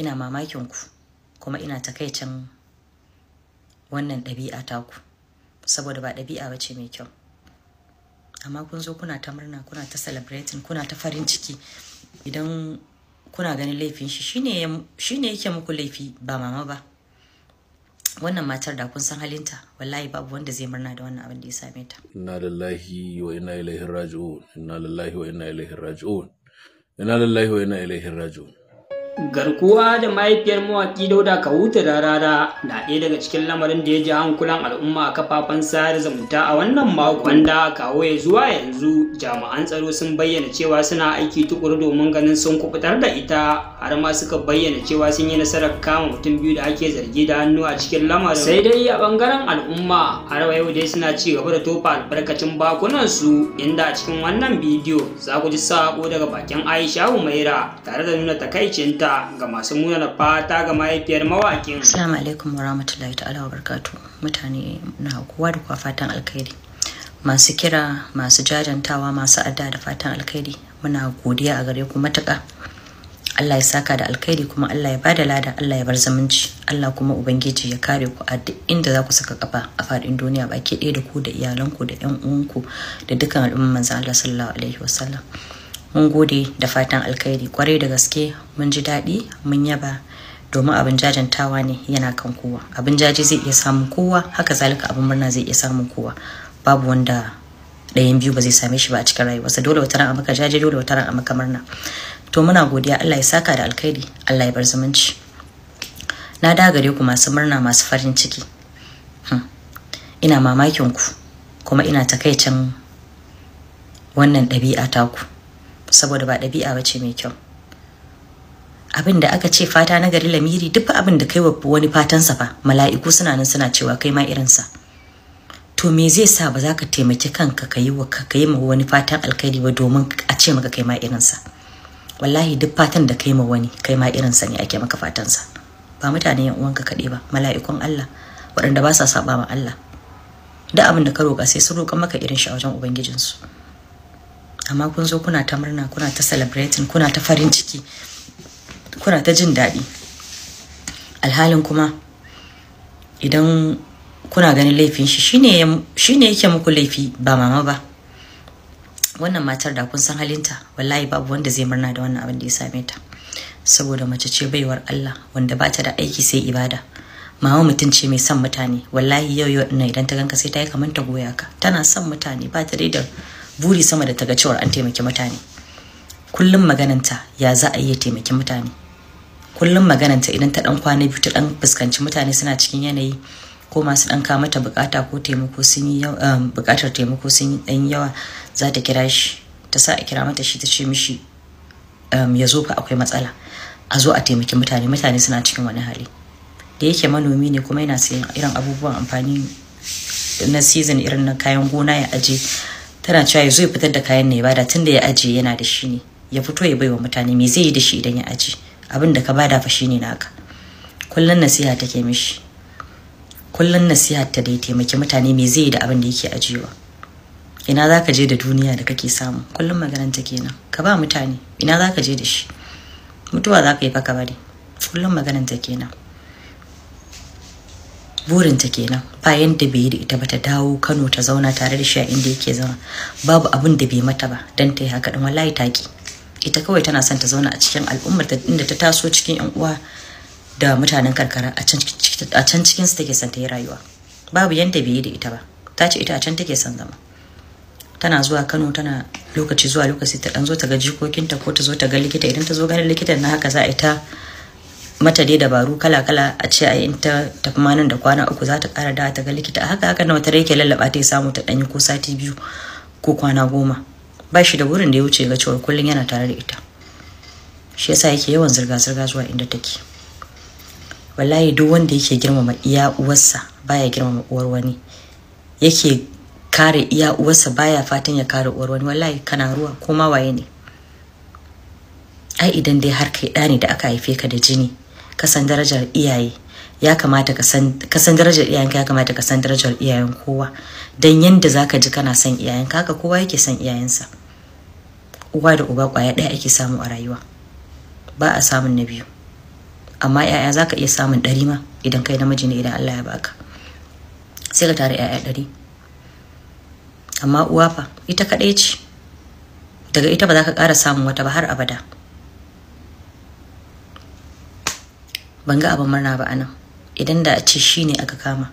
ina mamakin ku kuma ina takaicin wannan ɗabi'a ta ku saboda ba ɗabi'a ba ce mai kyau amma kun zo kuna ta murna kuna ta celebrating kuna ta farin ciki idan kuna ganin laifin shi shine yake muku laifi ba mama ba wannan matar da kun san halinta wallahi babu wanda zai murna da wannan abin da ya same ta inna lillahi wa inna ilaihi raji'un wa inna ilaihi raji'un inna garkuwa da mahaifiyar mawaƙi dauda ka huta da rara na ɗaya daga cikin lamarin da ya ji hankulan al'umma a kafafen sada zumunta a wannan mako wanda kawo ya zuwa yanzu jami'an tsaro sun bayyana cewa suna aiki tukuru domin ganin sun kubutar da ita har ma suka bayyana cewa sun yi nasarar kama mutum biyu da ake zargi da hannu a cikin lamarin sai dai a bangaren al'umma har yau dai suna ci gaba da tofa albarkacin bakunan su inda a cikin wannan bidiyo za ku ji sako daga bakin aisha umaira tare da nuna takaicinta ga masu munana fata ga mahaifiyar mawakin. Assalamu alaikum wa rahmatullahi ta'ala wa barkatu mutane na kowa da kuwa fatan alkhairi. Masu kira, masu jajantawa, masu adda da fatan alkhairi muna godiya a gare ku matuƙa. Allah ya saka da alkhairi kuma Allah ya bada lada Allah ya bar zamunci Allah kuma ubangiji ya kare ku a duk inda za ku saka kafa a faɗin duniya baki ɗaya da ku da iyalanku da ƴan uwanku da dukkan al'umman manzo Allah sallallahu alaihi wasallam. mun gode da fatan alkhairi kwarai da gaske mun ji daɗi mun yaba domin abin jajantawa ne yana kan kowa abin jaji zai iya samun kowa haka zalika abin murna zai iya samun kowa babu wanda ɗayan biyu ba zai same shi ba a cikin rayuwarsa dole wata ran a maka jaje dole wata ran a maka murna to muna godiya Allah ya saka da alkhairi Allah ya bar zumunci na dagare ku masu murna masu farin ciki hmm. ina mamakin ku kuma ina takaicin wannan ɗabi'a taku ku saboda ba ɗabi'a ba ce mai kyau abin da aka ce fata na gari lamiri duk abin da kai wa wani fatansa fa mala'iku suna nan suna cewa kai ma irinsa to me zai sa ba za ka taimaki kanka ka yi ma wani fatan alkhairi ba domin a ce maka kai ma irinsa wallahi duk fatan da kai ma wani kai ma irinsa ne ake maka fatansa ba mutane yan uwanka kaɗai ba mala'ikun Allah waɗanda ba sa saba ma Allah duk abin da ka roƙa sai sun roƙa maka irin shi a wajen ubangijinsu amma kun zo kuna ta murna kuna ta celebrating kuna ta farin ciki kuna ta jin daɗi alhalin kuma idan kuna ganin laifin shi shine yake muku laifi ba mama ba wannan matar da kun san halinta wallahi babu wanda zai murna da wannan abin da ya same ta saboda mace ce baiwar Allah wanda ba ta da aiki sai ibada mama mutum ce mai son mutane wallahi yau yau idan ta ganka sai ta yi kamar ta goya ka tana son mutane ba ta daidai. buri sama da taga cewar an taimaki mutane kullum magananta ya za a iya taimaki mutane kullum magananta idan ta dan kwana biyu ta dan fuskanci mutane suna cikin yanayi ko masu dan ka mata bukata ko taimako sun yi um, bukatar taimako sun yi dan yawa za ta kira shi ta sa a kira mata shi ta ce mishi um, ya zo fa akwai matsala a zo a taimaki mutane mutane suna cikin wani hali da yake manomi ne kuma yana sayan irin abubuwan amfani na season irin na kayan gona ya aje tana cewa ya ya fitar da kayan ne tun da ya ajiye yana da shi ne ya fito ya baiwa mutane me zai yi da shi idan ya aji abin da ka bada fa shine naka kullun nasiha take mishi kullun nasiha ta dai taimaki mutane me zai yi da abin da yake ajiyewa ina za ka je da duniya da kake samu kullum maganar ta kenan ka ba mutane ina za ka je da shi mutuwa za ka yi fa ka bari kullum maganar ta kenan burin ta kenan bayan da bai yi da ita ba ta dawo Kano ta zauna tare da shi a inda yake zama babu abin da bai mata ba dan ta yi haka din wallahi taki ita kawai tana son ta zauna a cikin al'ummar ta inda ta taso cikin yan uwa da mutanen karkara a can cikin su take son ta yi rayuwa babu yanda bai yi da ita ba ta ce ita a can take son zama tana zuwa Kano tana lokaci zuwa lokaci ta dan zo ta ga jikokinta ko ta zo ta ga likita idan ta zo ganin likitan na haka za a yi ta mata dai dabaru kala-kala a ce a yin ta tafi manan da kwana uku za ta kara da ta ga likita haka haka na wata yake lallaba ta samu ta danyi ko sati biyu ko kwana goma ba shi da wurin da ya wuce ga cewa kullum yana tare da ita shi yasa yake yawan zirga-zirga zuwa inda take wallahi duk wanda yake girmama iya uwarsa baya girmama uwar wani yake kare iya uwarsa baya fatan ya kare uwar wani wallahi kana ruwa ko ma waye ne ai idan dai har kai ɗa ne da aka haife ka da jini ka darajar iyaye ya kamata ka san darajar iyayenka ya kamata ka san darajar iyayen kowa don yadda za ka ji kana san iyayenka haka kowa yake son iyayensa uwa da uba kwaya ɗaya ake samu a rayuwa ba a samun na biyu amma yaya za ka iya samun ɗari ma idan kai namiji ne idan Allah ya baka sai ka tara yaya ɗari amma uwa fa ita kaɗai ce daga ita ba za ka ƙara samun wata ba har abada ban ga abin murna ba anan idan da a ce shi ne aka kama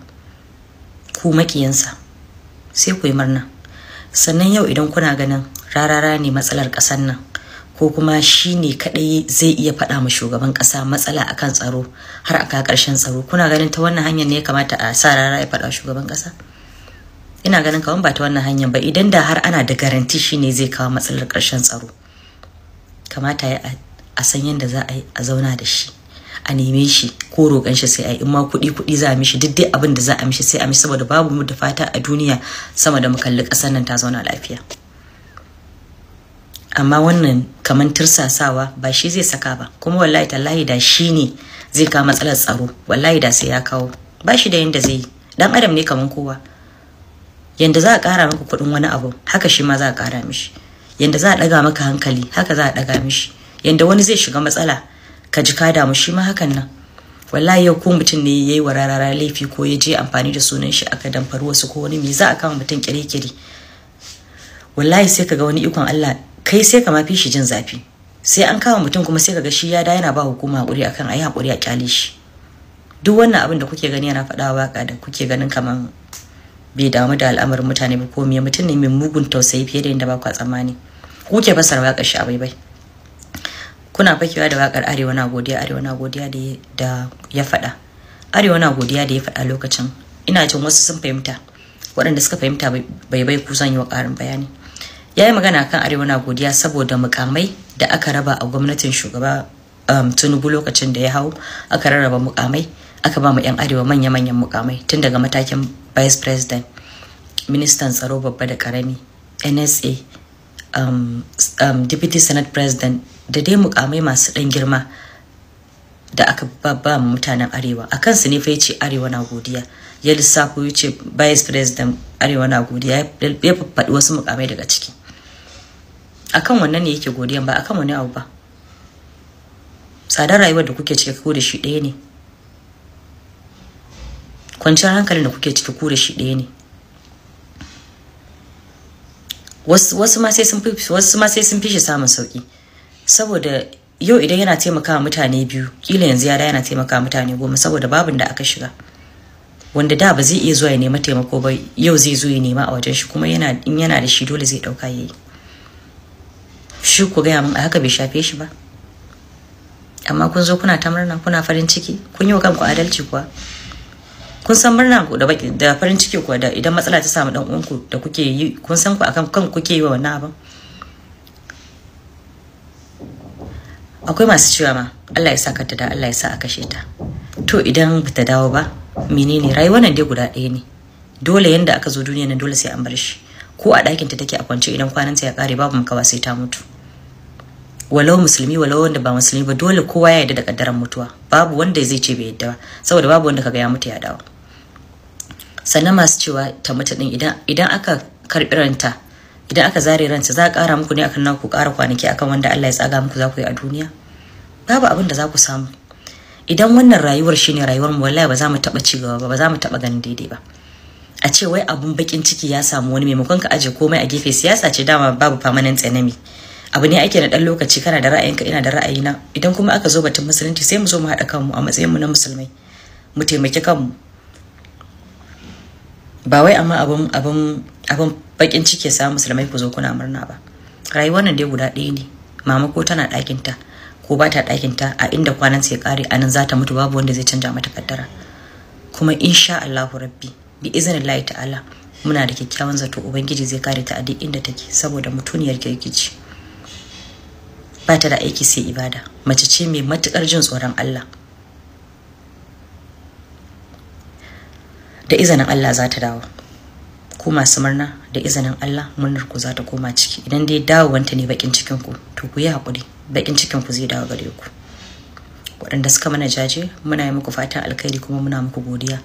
ku makiyansa sai ku yi murna sannan yau idan kuna ganin rarara ne matsalar ƙasar nan ko kuma shi ne kaɗai zai iya faɗa ma shugaban ƙasa matsala a kan tsaro har a ka ƙarshen tsaro kuna ganin ta wannan hanyar ne ya kamata a sa rara ya faɗa shugaban ƙasa ina ganin kawan ba ta wannan hanyar ba idan da har ana da garanti shi ne zai kawo matsalar ƙarshen tsaro kamata ya a san yadda za a yi a zauna da shi a neme shi ko roƙon shi sai a yi in ma kuɗi kuɗi za a mishi duk dai abin da za a mishi sai a mishi saboda babu mu da fata a duniya sama da mu kalli ƙasar nan ta zauna lafiya amma wannan kamar tirsasawa ba shi zai saka ba kuma wallahi tallahi da shi ne zai kawo matsalar tsaro wallahi da sai ya kawo ba shi da yanda zai yi dan adam ne kamar kowa yanda za a ƙara maka kuɗin wani abu haka shi ma za a ƙara mishi yanda za a ɗaga maka hankali haka za a ɗaga mishi yanda wani zai shiga matsala ka ji ka damu shi ma hakan nan wallahi yau ko mutum ne yayi wa rarara laifi ko ya je amfani da sunan shi aka damfari wasu ko wani me za a kama mutum kirikiri wallahi sai kaga wani ikon Allah kai sai ka mafi shi jin zafi sai an kama mutum kuma sai kaga shi ya da yana ba hukuma hakuri akan ayi hakuri a kyale shi duk wannan abin da kuke gani yana faɗa waka da kuke ganin kaman bai damu da al'amarin mutane ba ko me mutum ne mai mugun tausayi fiye da yadda ba ku tsammani kuke fasara waka shi a bai kuna fakewa da wakar arewa na godiya arewa na godiya da ya faɗa arewa na godiya da ya faɗa lokacin ina jin wasu sun fahimta waɗanda suka fahimta bai bai ku zan yi wa ƙarin bayani ya yi magana kan arewa na godiya saboda mukamai da aka raba a gwamnatin shugaba um, tinubu lokacin da ya hau aka rarraba mukamai aka ba mu 'yan arewa manya-manyan mukamai tun daga matakin vice president ministan tsaro babba da karami nsa um, um, deputy senate president da dai mukamai masu ɗan girma da aka ba mutanen arewa a kansu ne fa ya ce arewa na godiya ya lissafo ya ce vice president arewa na godiya ya faɗi wasu mukamai daga ciki akan wannan ne yake godiyan ba akan wani abu ba tsadar rayuwar da kuke ciki ko da shi ɗaya ne kwanciyar hankalin da kuke ciki ko da shi ɗaya ne wasu ma sai sun fi wasu ma sai sun fi shi samun sauki saboda yau idan yana taimakawa mutane biyu kila yanzu ya da yana taimakawa mutane goma saboda babin da aka shiga wanda da ba zai iya zuwa ya nema taimako ba yau zai zo ya nema a wajen shi kuma yana in yana da shi dole zai dauka yayi shi ku gaya min a haka bai shafe shi ba amma kun zo kuna ta murna kuna farin ciki kun yi wa kanku adalci kuwa kun san murna ku da farin ciki ku da idan matsala ta samu dan uwanku da kuke yi kun san ku akan kan kuke yi wa wannan abin akwai masu cewa ma Allah ya saka ta da Allah ya sa a kashe ta to idan bata dawo ba menene rayuwar nan dai guda ɗaya ne dole yanda aka zo duniya nan dole sai an bar shi ko a ɗakin ta take a kwance idan kwananta ya kare babu makawa sai ta mutu walau musulmi walau wanda ba musulmi ba dole kowa ya yarda da kaddaran mutuwa babu wanda zai ce bai yarda ba saboda babu wanda kaga ya mutu ya dawo sannan masu cewa ta mutu din idan aka karbi ranta idan aka zare ranta za a kara muku ne akan naku kara kwanaki akan wanda Allah ya tsaga muku za ku yi a duniya babu abin da za ku samu idan wannan rayuwar shine rayuwar mu wallahi ba za mu taba cigaba ba ba za mu taba ganin daidai ba a ce wai abun bakin ciki ya samu wani maimakon ka aje komai a gefe siyasa ce dama babu famanin tsanami abu ne ake na dan lokaci kana da ra'ayinka ina da ra'ayina idan kuma aka zo batun musulunci sai mu zo mu haɗa kanmu a matsayin mu na musulmai mu taimaki kanmu ba wai amma abin abin abin bakin ciki sa musulmai ku zo kuna murna ba rayuwar nan dai guda ɗaya ne mama ko tana ɗakinta ko ba ta ɗakinta a inda kwanan sai kare a nan za ta mutu babu wanda zai canja mata kaddara kuma insha Allahu rabbi bi iznillahi ta'ala muna da kyakkyawan zato ubangiji zai kare ta a duk inda take saboda mutuniyar kirkici ba ta da aiki sai ibada mace ce mai matukar jin tsoron Allah da izinin Allah za ta dawo ku masu murna da izinin Allah murnar ku za ta koma ciki idan dai dawo wanta ne bakin cikin ku to ku yi hakuri bakin cikin ku zai dawo gare ku waɗanda suka mana jaje muna yi muku fatan alkhairi kuma muna muku godiya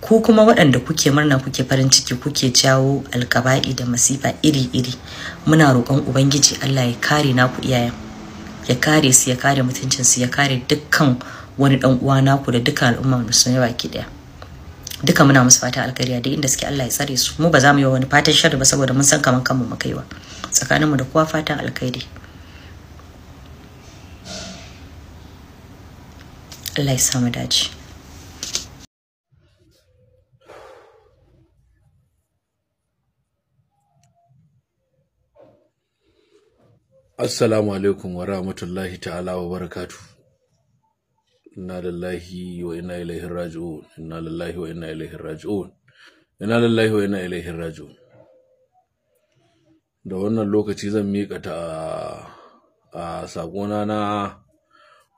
ku kuma waɗanda kuke murna kuke farin ciki kuke jawo alkaba'i da masifa iri-iri muna roƙon ubangiji allah ya kare naku iyayen ya kare su ya kare mutuncinsu ya kare dukkan wani dan uwa naku da dukkan al'umma musulmi baki daya duka muna musu fata alkariya da inda suke Allah ya tsare su mu ba za mu yi wani fatan sharri ba saboda mun san kaman kanmu mu kaiwa mu da kowa fatan alkhairi Allah ya samu dace Assalamu alaikum wa rahmatullahi ta'ala wa barakatu. Inna lillahi wa inna ilaihi raji'un. Inna lillahi wa inna ilaihi raji'un. Inna lillahi wa inna ilaihi raji'un. Da wannan lokaci zan miƙa ta a sakona na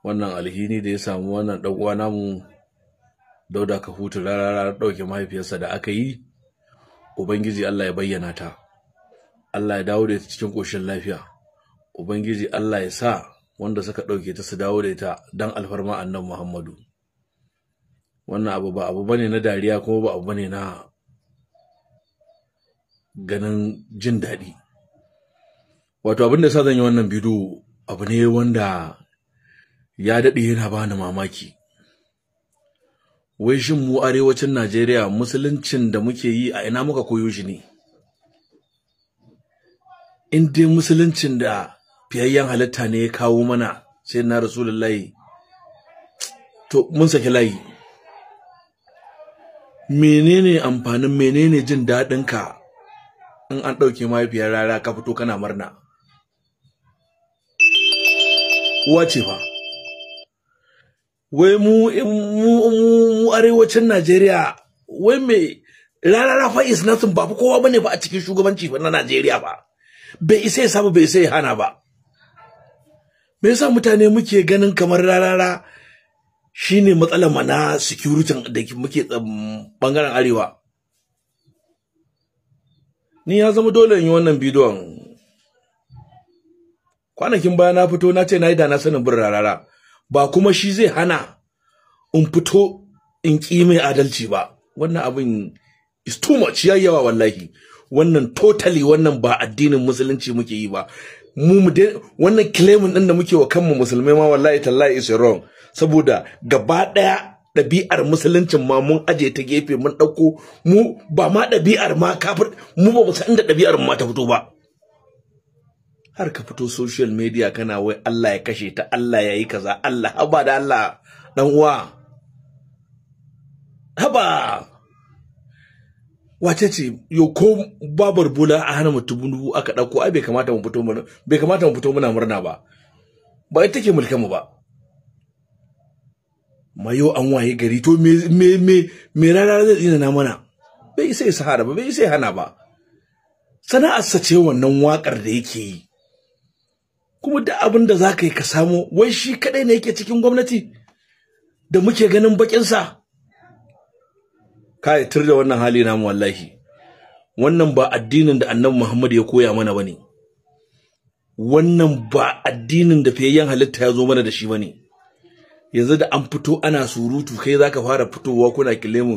wannan alhini da ya samu wannan dan uwa namu Dauda ka hutu rarara dauke mahaifiyarsa da aka yi. Ubangiji Allah ya bayyana ta. Allah ya dawo da cikin koshin lafiya. Ubangiji Allah ya sa wanda suka ɗauke ta su dawo da ita don alfarma annan Muhammadu. Wannan abu ba abu bane na dariya kuma ba abu bane na ganin jin daɗi. Wato abin da sa zan yi wannan bidiyo abu ne wanda ya daɗe yana ba ni mamaki. Wai shin mu arewacin Najeriya musuluncin da muke yi a ina muka koyo shi ne? In dai musuluncin da fiyayyen halitta ne ya kawo mana sai na rasulullahi to mun saki layi menene amfanin menene jin daɗin ka in an ɗauke mahaifiyar rara ka fito kana murna uwa ce fa wai mu mu arewacin Najeriya wai me rarara fa is nothing ba kowa bane ba a cikin shugabanci na Najeriya ba bai isa ya samu bai isa ya hana ba me yasa mutane muke ganin kamar rarara shine matsalar mu na security da muke bangaren arewa ni ya zama dole in yi wannan bidiyon kwanakin baya na fito na ce na yi da na sanin bin rarara ba kuma shi zai hana in fito in ƙi mai adalci ba wannan abin is too much yawa wallahi wannan totally wannan ba addinin musulunci muke yi ba mu mu wannan claimin din da muke wa kanmu musulmai ma wallahi tallahi is wrong saboda gaba daya ɗabi'ar musuluncin ma mun aje ta gefe mun ɗauko mu ba ma ɗabi'ar ma kafir mu ba mu san da ɗabi'ar ma ta fito ba har ka fito social media kana wai Allah ya kashe ta Allah ya yi kaza Allah haba da Allah dan uwa haba wace ce yo ko babar bula a hana mutum dubu aka ɗauko ai bai kamata mu fito mana, bai kamata mu fito muna murna ba ba ita take mulkan mu ba mayo an waye gari to me me me me rana zai na mana bai sai sahara ba bai sai hana ba sana'ar sa ce wannan wakar da yake yi kuma da abin da zaka yi ka samu wai shi kadai ne yake cikin gwamnati da muke ganin bakin sa kai tur da wannan hali namu wallahi wannan ba addinin da annabi Muhammad ya koya mana bane wannan ba addinin da fayyan halitta ya zo mana da shi bane yanzu da an fito ana surutu kai zaka fara fitowa kuna kilemu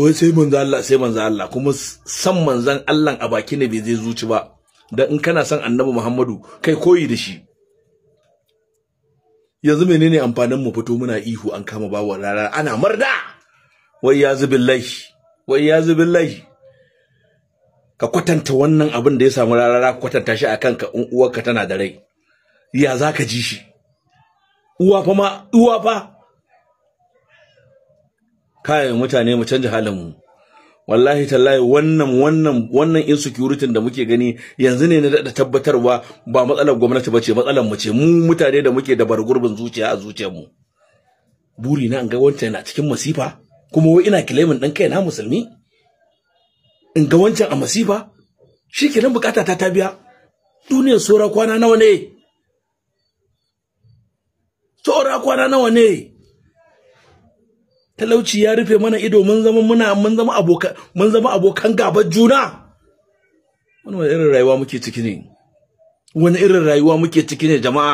wai sai manzo Allah sai manzo Allah kuma san manzon Allah a baki ne bai zai zuci ba dan in kana san annabi Muhammadu kai koyi da shi yanzu menene amfanin mu fito muna ihu an kama bawo rara ana marda wai ya zubillahi wai ka kwatanta wannan abin da ya samu rarara kwatanta shi akan ka in uwarka tana da rai ya zaka ji shi uwa fa ma uwa fa kayan mutane mu canja halin mu wallahi tallahi wannan wannan wannan insecurity da muke gani yanzu ne na da tabbatarwa ba matsalar gwamnati bace matsalar mu ce mu mutane da muke da bargurbin zuciya a zuciyarmu buri na an ga wancan yana cikin masifa kuma wai ina kilemin ɗan kai na musulmi in ga wancan a masifa shi nan bukata ta ta biya duniyar saura kwana nawa ne saura kwana nawa ne talauci ya rufe mana ido mun zama muna mun zama abokan mun zama abokan gaban juna wani wani irin rayuwa muke ciki ne wani irin rayuwa muke ciki ne jama'a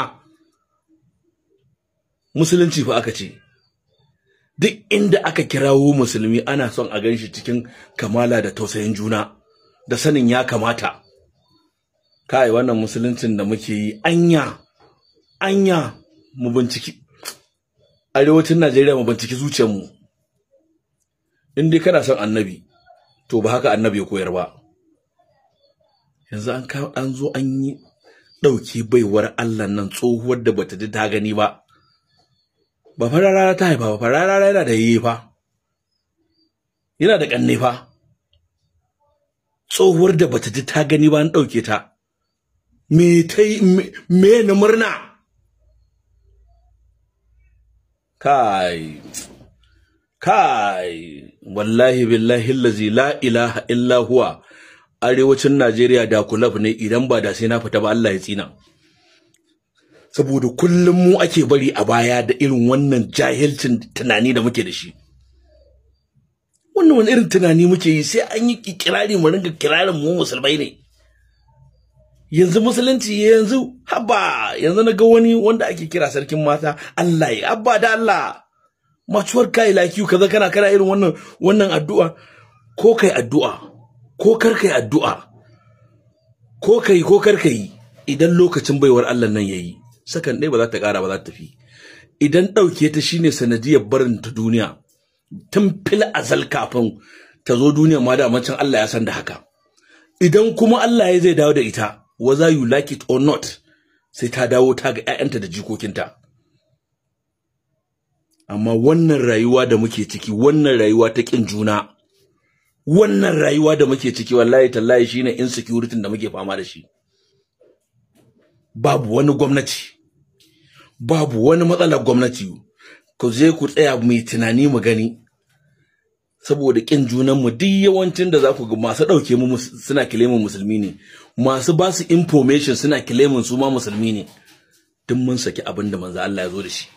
musulunci fa aka ce duk inda aka kirawo musulmi ana son a ganshi cikin kamala da tausayin juna da sanin ya kamata kai wannan musuluncin da muke yi anya anya mu binciki arewacin Najeriya mu binciki zuciyarmu in dai kana son annabi to ba haka annabi ya koyar ba yanzu an an zo an yi ɗauki baiwar Allah nan tsohuwar da bata ji ta gani ba ba fa ta haifa ba fa yana da yayi fa yana da kanne fa tsohuwar da bata ji ta gani ba an ɗauke ta me ta yi me na murna kai kai wallahi billahi lazi la ilaha illa arewacin Najeriya da kulab ne idan ba da sai na fita ba Allah ya tsina saboda kullum mu ake bari a baya da irin wannan jahilcin tunani da muke da shi wannan wani irin tunani muke yi sai an yi kirari mu ringa kirarin mu musulmai ne yanzu musulunci yanzu haba yanzu na ga wani wanda ake kira sarkin mata Allah ya abba da Allah macuwar kai like kaza kana kana irin wannan wannan addu'a ko kai addu'a ko kar kai addu'a ko kai ko kar kai idan lokacin baiwar Allah nan yayi sakan ɗaya ba za ta ƙara ba za ta tafi idan ɗauke ta shine sanadiyar barin ta duniya tun fil azal kafin ta zo duniya ma da macin Allah ya san da haka idan kuma Allah ya zai dawo da ita whether you like it or not sai ta dawo ta ga 'ya'yanta da jikokinta amma wannan rayuwa da muke ciki wannan rayuwa ta ƙin juna wannan rayuwa da muke ciki wallahi tallahi shine insecurity da muke fama da shi babu wani gwamnati babu wani matsalar gwamnati ku je ku tsaya mai tunani mu gani saboda ƙin mu duk yawancin da za ku ga masu ɗauke mu suna kilemin musulmi ne masu ba su information suna kilemin su ma musulmi ne duk mun saki abin da manzo Allah ya zo da shi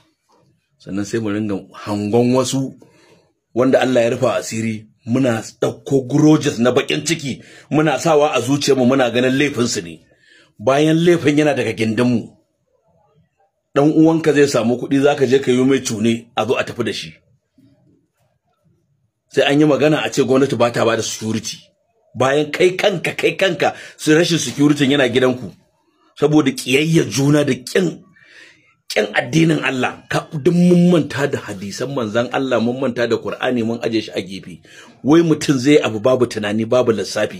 sannan sai mu ringa hangon wasu wanda Allah ya rufa asiri muna ɗauko gurojes na bakin ciki muna sawa a zuciyarmu muna ganin laifinsu ne bayan laifin yana daga gindinmu dan uwanka zai samu kuɗi za ka je ka yi mai tuni a zo a tafi da shi sai an yi magana a ce gwamnati ba ta ba da security bayan kai kanka kai kanka su rashin security yana gidanku saboda kiyayya juna da kin kin addinin Allah ka duk mun manta da hadisan manzon Allah mun manta da Qur'ani mun aje shi a gefe wai mutum zai abu babu tunani babu lissafi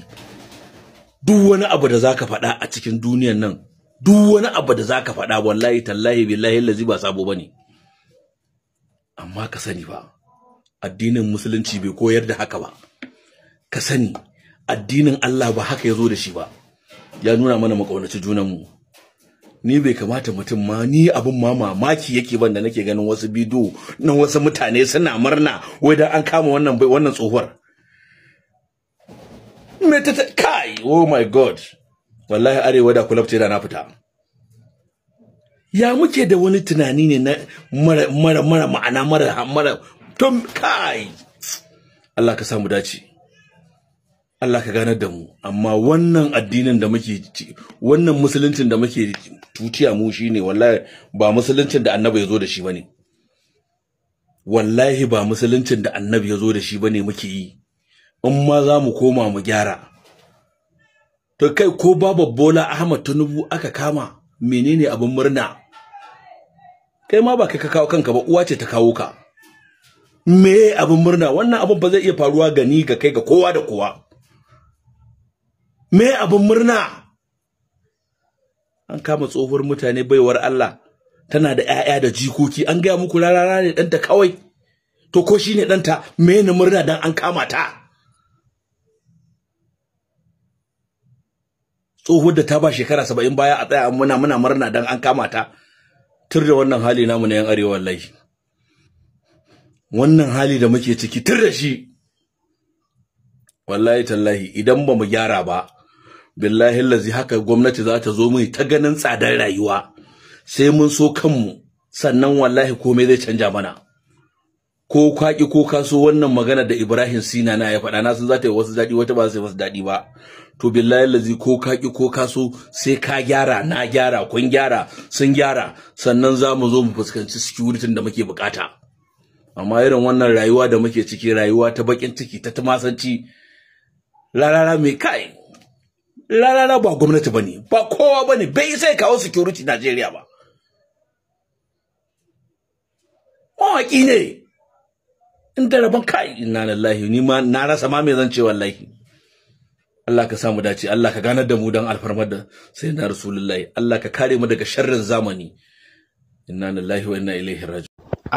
duk wani abu da zaka faɗa a cikin duniyar nan duk wani abu da ka faɗa wallahi tallahi billahi lazi ba sabo ba ne. amma ka sani ba addinin musulunci bai koyar da haka ba ka sani addinin Allah ba haka ya zo da shi ba ya nuna mana makaunaci junan mu ni bai kamata mutum ma ni abin ma mamaki yake ban da nake ganin wasu bidiyo na wasu mutane suna murna wai dan an kama wannan wannan tsohuwar oh my god wallahi arewa da kulabta yana na fita ya muke da wani tunani ne na mara mara mara ma'ana mara mara tom kai Allah ka samu dace Allah ka ganar da mu amma wannan addinin da muke wannan musuluncin da muke tutiya mu shine wallahi ba musuluncin da annabi ya zo da shi bane wallahi ba musuluncin da annabi ya zo da shi bane muke yi in ma za mu koma mu gyara to kai ko babu Bola Ahmad Tinubu aka kama menene abin murna kai ma ba kai ka kawo kanka ba uwa ce ta kawo ka me abin murna wannan abin ba zai iya faruwa gani ga kai ga kowa da kowa me abin murna an kama tsohuwar mutane baiwar Allah tana da 'ya'ya da jikoki an gaya muku rarara ne ɗanta kawai to ko shine ɗanta me murna dan an kama ta tsohuwar da ta ba shekara saba'in baya a tsaya muna muna murna dan an kama ta tur da wannan hali namu na yan arewa wallahi wannan hali da muke ciki tur da shi wallahi tallahi idan ba mu gyara ba billahi lazi haka gwamnati za ta zo mu ta ganin tsadar rayuwa sai mun so kanmu sannan wallahi komai zai canja mana ko kwaki ko kaso wannan magana da Ibrahim Sina na ya faɗa na san za ta yi wasu daɗi wata ba zai masu daɗi ba to billahi lazi ko kwaki ko kaso sai ka gyara na gyara kun gyara sun gyara sannan za mu zo mu fuskanci sikuritin da muke bukata amma irin wannan rayuwa da muke ciki rayuwa ta bakin ciki ta tumasanci rarara mai kai larara ba gwamnati bane ba kowa bane bai sai kawo security Najeriya ba mawaƙi ne in da rabon kai inna lillahi ni ma na rasa ma me zan ce wallahi Allah ka samu dace Allah ka ganar da mu dan alfarmar da sayyidina rasulullahi Allah ka kare mu daga sharrin zamani inna lillahi wa inna ilaihi raji'un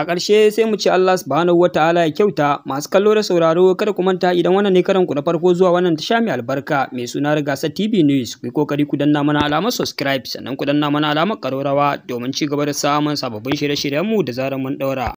a ƙarshe sai mu ce Allah subhanahu taala ya kyauta masu kallo da sauraro kada ku manta idan wannan ne karan ku na farko zuwa wannan tasha mai albarka mai suna rigasa TV news ku yi kokari ku danna mana alamar subscribe sannan ku danna mana alamar karorawa domin ci gaba da samun sababbin shirye-shiryen mu da zarar mun daura